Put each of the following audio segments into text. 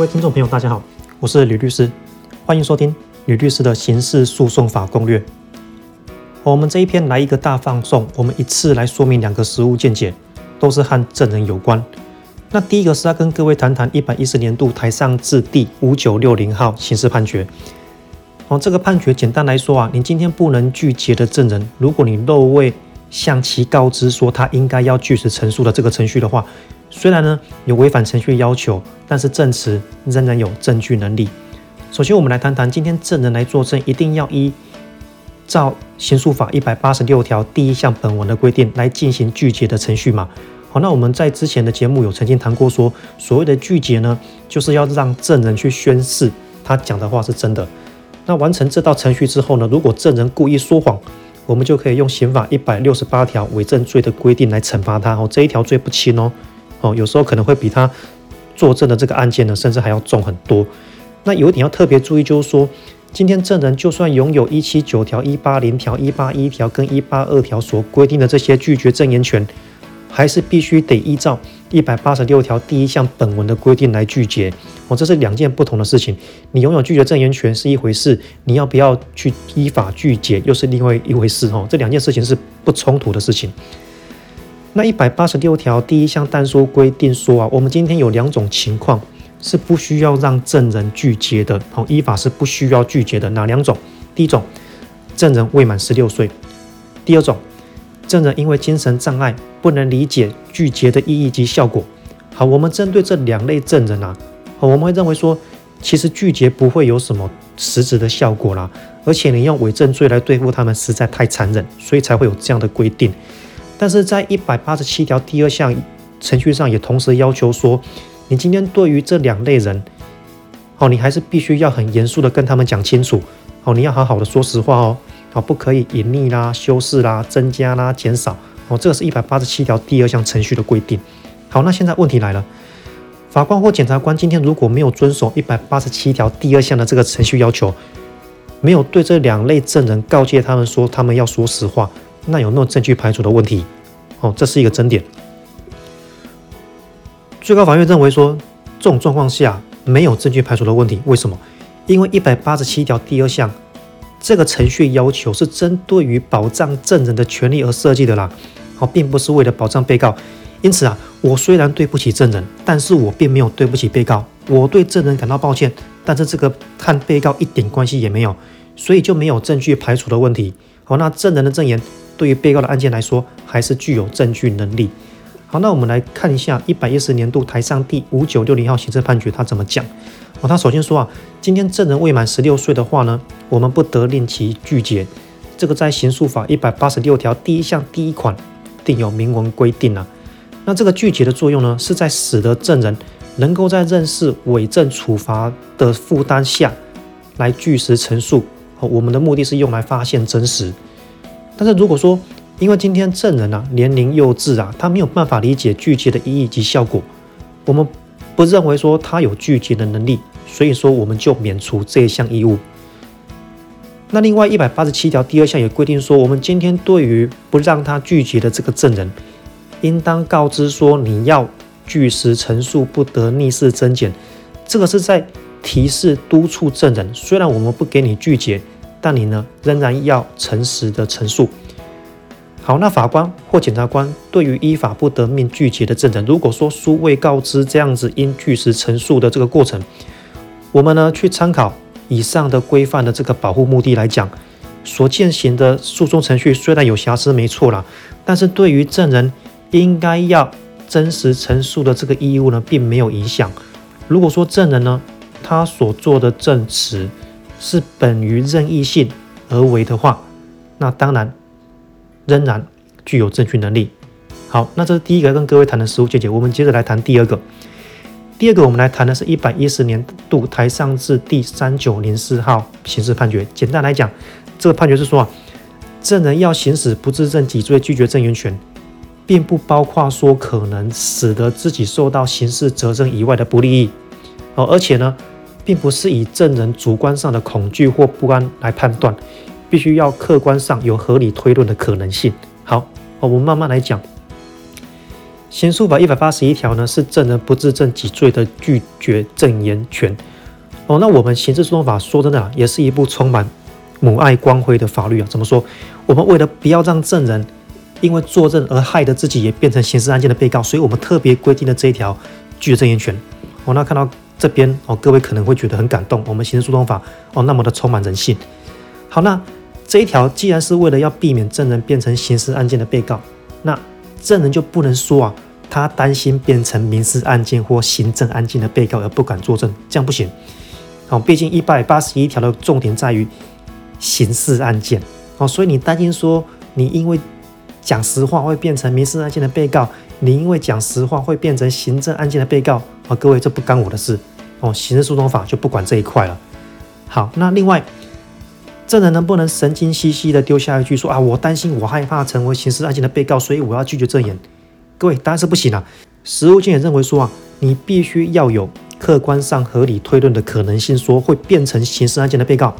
各位聽眾朋友，大家好，我是呂律師，歡迎收聽呂律師的刑事訴訟法攻略。我們這一篇來一個大放送，我們一次來說明兩個實務見解，都是和證人有關。那第一個是要跟各位談談一百一十年度台上字第五九六零號刑事判決。哦，這個判決簡單來說啊，你今天不能具結的證人，如果你漏未向其告知說他應該要據實陳述的這個程序的話。雖然呢有違反程序要求，但是證詞仍然有證據能力。首先，我們來談談今天證人來作證，一定要依照刑訴法一百八十六條第一項本文的規定來進行具結的程序嘛？好，那我們在之前的節目有曾經談過說，說所謂的具結呢，就是要讓證人去宣誓，他講的話是真的。那完成這道程序之後呢，如果證人故意說謊，我們就可以用刑法一百六十八條偽證罪的規定來懲罰他。哦，這一條罪不輕哦。哦，有時候可能會比他作證的這個案件呢，甚至還要重很多。那有一點要特別注意，就是說，今天證人就算擁有一七九條、一八零條、一八一條跟一八二條所規定的這些拒絕證言權，還是必須得依照一百八十六條第一項本文的規定來拒絕。哦，這是兩件不同的事情。你擁有拒絕證言權是一回事，你要不要去依法拒絕又是另外一回事。哦，這兩件事情是不衝突的事情。那一百八十六條第一項但書規定說啊，我們今天有兩種情況是不需要讓證人具結的，好，依法是不需要具結的。哪兩種？第一種，證人未滿十六歲；第二種，證人因為精神障礙不能理解具結的意義及效果。好，我們針對這兩類證人啊，我們會認為說，其實具結不會有什麼實質的效果啦，而且你用偽證罪來對付他們實在太殘忍，所以才會有這樣的規定。但是在一百八十七條第二項程序上，也同時要求說，你今天對於這兩類人，好，你還是必須要很嚴肅的跟他們講清楚，好，你要好好的說實話哦，好，不可以隱匿啦、修飾啦、增加啦、減少，好，這個是一百八十七條第二項程序的規定。好，那現在問題來了，法官或檢察官今天如果沒有遵守一百八十七條第二項的這個程序要求，沒有對這兩類證人告誡他們說他們要說實話。那有沒有證據排除的問題？哦，這是一個爭點。最高法院認為說，這種狀況下沒有證據排除的問題。為什麼？因為一百八十七條第二項這個程序要求是針對於保障證人的權利而設計的啦。哦，並不是為了保障被告。因此啊，我雖然對不起證人，但是我並沒有對不起被告。我對證人感到抱歉，但是這個和被告一點關係也沒有，所以就沒有證據排除的問題。好、哦，那證人的證言。對於被告的案件來說，還是具有證據能力。好，那我們來看一下一百一十年度台上第五九六零號刑事判決，他怎麼講？哦，他首先說啊，今天證人未滿十六歲的話呢，我們不得令其具結。這個在刑訴法一百八十六條第一項第一款定有明文規定啊。那這個具結的作用呢，是在使得證人能夠在認識偽證處罰的負擔下來據實陳述。好，我們的目的是用來發現真實。但是如果說，因為今天證人啊年齡幼稚啊，他沒有辦法理解具結的意義及效果，我們不認為說他有具結的能力，所以說我們就免除這一項義務。那另外一百八十七條第二項也規定說，我們今天對於不讓他具結的這個證人，應當告知說你要據實陳述，不得匿飾增減。這個是在提示督促證人，雖然我們不給你具結。但你呢，仍然要誠實的陳述。好，那法官或檢察官對於依法不得命具結的證人，如果說疏未告知這樣子應據實陳述的這個過程，我們呢去參考以上的規範的這個保護目的來講，所踐行的訴訟程序雖然有瑕疵沒錯啦，但是對於證人應該要真實陳述的這個義務呢，並沒有影響。如果說證人呢，他所做的證詞，是本於任意性而為的話，那當然仍然具有證據能力。好，那這是第一個跟各位談的實務見解，解。我們接着來談第二個。第二個我們來談的是一百一十年度台上字第三九零四號刑事判決。簡單來講，這個判決是說啊，證人要行使不自證己罪拒絕證言權，並不包括說可能使得自己受到刑事責任以外的不利益。好，而且呢。並不是以證人主觀上的恐懼或不安來判斷，必須要客觀上有合理推論的可能性。好，我們慢慢來講。刑訴法一百八十一條呢，是證人不自證己罪的拒絕證言權。哦，那我們刑事訴訟法說真的啊，也是一部充滿母愛光輝的法律啊。怎麼說？我們為了不要讓證人因為作證而害得自己也變成刑事案件的被告，所以我們特別規定了這一條拒絕證言權。哦，那看到。這邊哦，各位可能會覺得很感動，我們刑事訴訟法哦，那麼的充滿人性。好，那這一條既然是為了要避免證人變成刑事案件的被告，那證人就不能說啊，他擔心變成民事案件或行政案件的被告而不敢作證，這樣不行。好、哦，畢竟一百八十一條的重點在於刑事案件。好、哦，所以你擔心說你因為講實話會變成民事案件的被告，你因為講實話會變成行政案件的被告啊、哦！各位，這不干我的事哦，刑事訴訟法就不管這一塊了。好，那另外，證人能不能神經兮兮的丟下一句說啊，我擔心我害怕成為刑事案件的被告，所以我要拒絕證言？各位，當然是不行了、啊。實務界也認為說啊，你必須要有客觀上合理推論的可能性說，說會變成刑事案件的被告。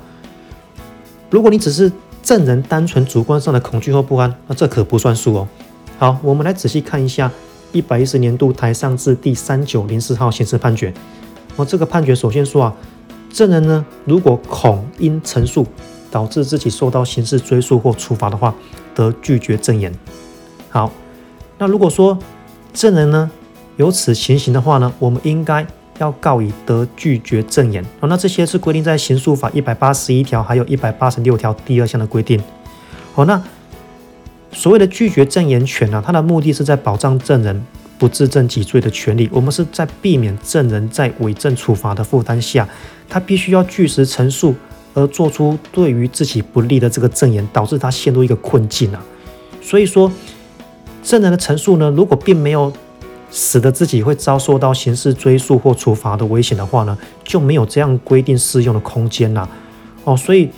如果你只是證人單純主觀上的恐懼或不安，那這可不算數哦。好，我們來仔細看一下一百一十年度台上字第三九零四號刑事判決。哦，這個判決首先說啊，證人呢，如果恐因陳述導致自己受到刑事追訴或處罰的話，得拒絕證言。好，那如果說證人呢有此情形的話呢，我們應該。要告以得拒絕證言，哦，那這些是規定在刑訴法一百八十一條，還有一百八十六條第二項的規定。好，哦，那所謂的拒絕證言權呢，啊？它的目的是在保障證人不自證己罪的權利。我們是在避免證人在偽證處罰的負擔下，他必須要據實陳述而做出對於自己不利的這個證言，導致他陷入一個困境啊。所以說，證人的陳述呢，如果並沒有。使得自己會遭受到刑事追訴或處罰的危險的話呢，就沒有這樣規定適用的空間啦。哦，所以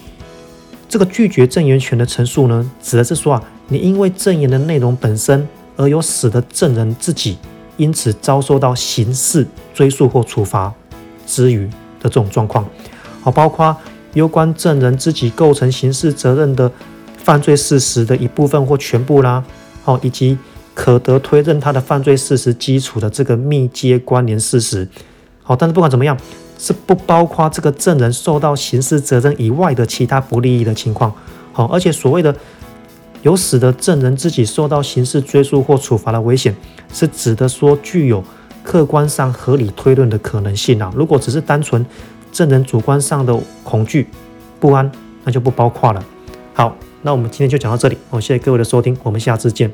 這個拒絕證言權的陳述呢，指的是說啊，你因為證言的內容本身而有使得證人自己因此遭受到刑事追訴或處罰之虞的這種狀況，好、哦，包括攸關證人自己構成刑事責任的犯罪事實的一部分或全部啦，好、哦，以及。可得推認他的犯罪事實基礎的這個密接關聯事實，好，但是不管怎麼樣，是不包括這個證人受到刑事責任以外的其他不利益的情況。好，而且所謂的有使得證人自己受到刑事追訴或處罰的危險，是指的說具有客觀上合理推論的可能性啊。如果只是單純證人主觀上的恐懼不安，那就不包括了。好，那我們今天就講到這裡，好，謝謝各位的收聽，我們下次見。